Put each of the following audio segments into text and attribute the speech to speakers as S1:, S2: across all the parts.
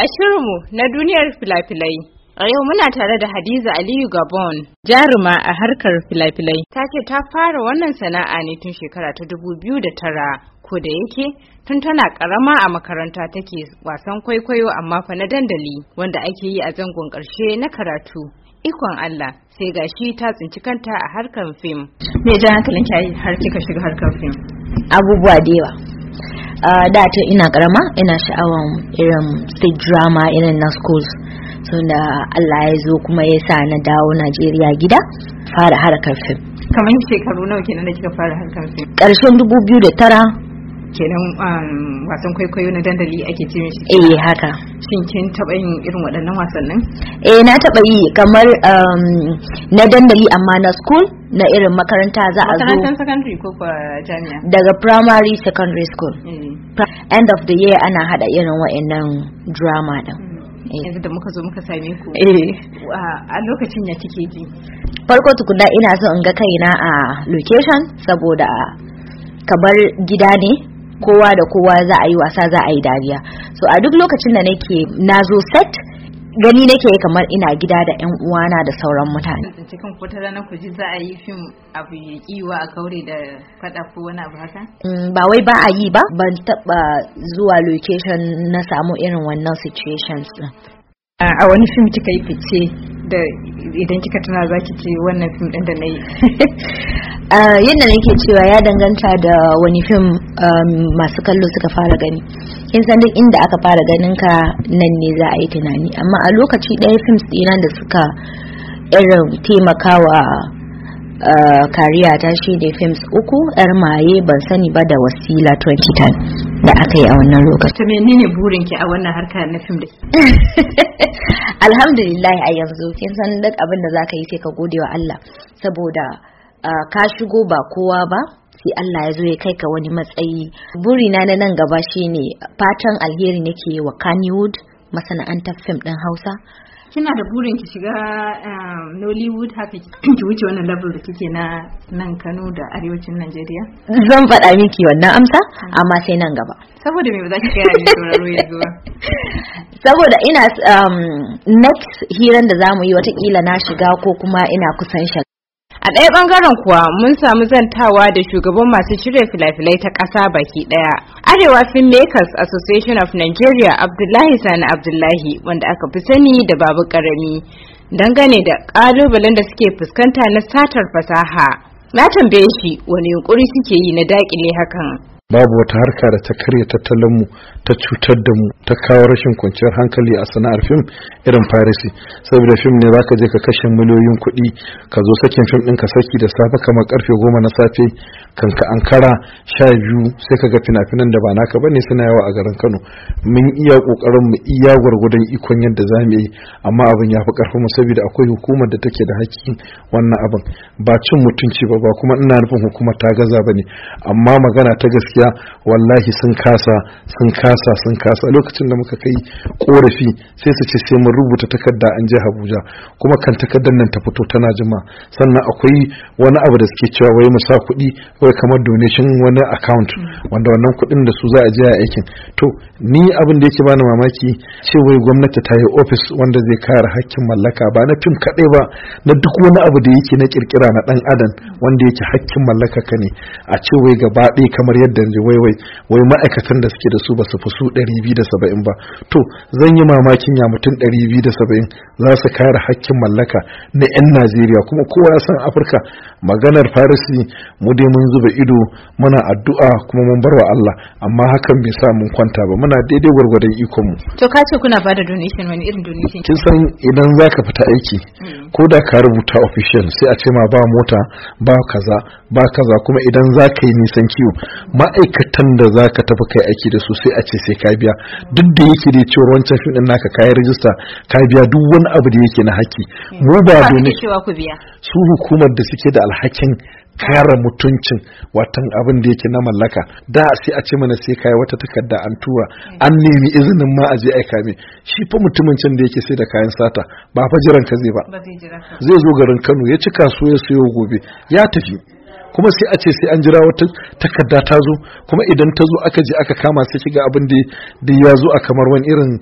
S1: a shirinmu na duniyar filafilai. A yau muna tare da Hadiza Aliyu Gabon, jaruma a harkar filafilai. Ta ce ta fara wannan sana'a ne tun shekara ta dubu biyu da tara, ko da yake tun tana karama a makaranta take wasan kwaikwayo amma fa na dandali wanda ake yi a zangon ƙarshe na karatu. Ikon Allah sai ga shi ta tsinci kanta a harkar fim. Me jan hankalin
S2: ki har kika shiga harkar fim? Abubuwa da yawa. da ta ina karama ina sha'awan irin state drama irin na schools so da Allah ya zo kuma ya sa na dawo Najeriya gida fara harkar fim
S1: kamar shekaru nawa kenan da kika fara harkar fim
S2: karshen 2009
S1: kenan um, wasan kwaikwayo na dandali ake ce mishi
S2: eh haka shin kin taba yin irin waɗannan wasannin eh na taba yi kamar um, na dandali amma na school na irin makaranta za a zo makarantar
S1: secondary ko jami'a
S2: daga primary secondary school eh. end of the year ana hada irin waɗannan drama din hmm.
S1: eh. yanzu da muka zo muka same ku eh. a lokacin ya kike ji
S2: farko tukuna ina so in ga kaina a location saboda kamar gida ne kowa da kowa za a yi wasa za a yi dariya so a duk lokacin da nake nazo set gani nake kamar ina gida da yan uwana da sauran mutane
S1: cikin wata na kuji za a yi fim abu ya kiwa a kaure da fada ko wani abu haka
S2: mm, ba wai ba a yi ba ban taba zuwa location na samu irin wannan situations a wani fim kika yi fice da idan kika tana za ki
S1: ce wannan fim din da na yi
S2: uh, yadda nake cewa ya danganta da wani fim um, masu kallo suka fara gani kin san duk inda aka fara ganin ka nan ne za a yi tunani amma a lokaci ɗaya fim ɗina da suka irin taimakawa uh, kariya ta shi ne films uku yar maye ban sani ba da wasila 2010 da aka yi a wannan lokacin. To menene burin ki a wannan harka na fim da? Alhamdulillah a yanzu kin san duk abin da zaka yi sai ka gode wa Allah saboda ka shigo ba kowa ba sai Allah ya zo ya kai ka wani matsayi. buri na na nan gaba shine fatan alheri nake wa Kannywood masana'antar fim ɗin Hausa
S1: kina da burin ki shiga um, Nollywood haka ki wuce wannan level da kike na nan Kano da arewacin Najeriya?
S2: Zan faɗa miki wannan amsa amma sai nan gaba.
S1: Saboda me ba za ki kai ni sauraro ya zuwa?
S2: Saboda ina um, next hiran da zamu yi watakila na shiga ko kuma ina kusan shiga.
S1: a ɗaya ɓangaren kuwa mun samu zantawa da shugaban masu shirya filafilai ta ƙasa baki ɗaya arewa filmmakers association of nigeria abdullahi sani abdullahi wanda aka fi sani da babu ƙarami dangane da ƙalubalen da suke fuskanta na satar fasaha na tambaye shi wani yunkuri suke yi na daƙile
S3: hakan babu wata harka da ta karya tattalinmu ta cutar da mu ta kawo rashin kwanciyar hankali a sana'ar fim irin farisi saboda fim ne za ka je ka kashe miliyoyin kuɗi ka zo sakin fim ɗin ka saki da safe kamar karfe goma na safe kan ka ankara sha biyu sai ka ga fina-finan da ba naka ne suna yawa a garin kano mun iya kokarin mu iya gwargwadon ikon yadda za mu yi amma abin ya fi karfin mu saboda akwai hukumar da take da hakkin wannan abin ba cin mutunci ba ba kuma ina nufin hukumar ta gaza ba ne amma magana ta gaske. gaskiya wallahi sun kasa sun kasa sun kasa lokacin da muka kai korafi sai su ce sai mun rubuta takarda an je Abuja kuma kan takardar nan ta fito tana jima sannan akwai wani abu da suke cewa wai mu sa kuɗi wai kamar donation wani account wanda wannan kuɗin da su za a je a aikin to ni abin da yake bani mamaki ce wai gwamnati ta yi office wanda zai kare hakkin mallaka ba na fim kaɗai ba na duk wani abu da yake na kirkira na ɗan adam wanda yake hakkin mallaka ka ne a ce wai gaba ɗaya kamar yadda sun wai wai wai ma'aikatan da suke da su ba su fi su 270 ba to zan yi mamakin ya mutum 270 za su kare hakkin mallaka na 'yan najeriya kuma kowa ya san afirka maganar farisi mu dai mun zuba ido muna addu'a kuma mun barwa Allah amma hakan bai sa mun kwanta ba muna daidai gwargwadon ikon mu
S1: to ka ce kuna bada donation wani irin donation kin
S3: san idan zaka fita aiki hmm. ko da ka rubuta official sai a ce ma ba mota ba kaza ba kaza kuma idan zaka yi nisan kiwo ma'aikata ma'aikatan da za ka tafi kai aiki da su sai a ce sai ka biya duk da yake da cewa wancan fim din naka kayi rajista ka biya duk wani abu da yake na haƙƙi hmm. mu ba ne su hukumar da suke da alhakin kare mutuncin watan abin da yake na mallaka da sai a ce mana sai kai wata takarda an tura hmm. an nemi izinin ma a je aika mi shi fa mutumin can da yake sai da kayan sata ba fa jiran ka zai ba zai zo garin Kano ya ci kasuwa ya sayo gobe ya tafi kuma sai a ce sai an jira wata takarda ta zo kuma idan ta zo aka je aka kama sai shiga abin da da ya zo a kamar wani irin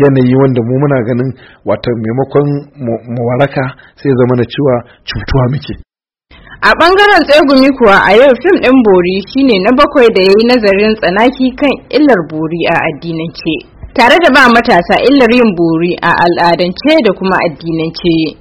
S3: yanayi wanda mu muna ganin wata maimakon mawaraka waraka sai zama na cewa cutuwa muke
S1: a bangaren tsegumi kuwa a yau fim ɗin bori shine na bakwai da yayi nazarin tsanaki kan illar bori a addinance tare da ba matasa illar yin bori a al'adance da kuma addinance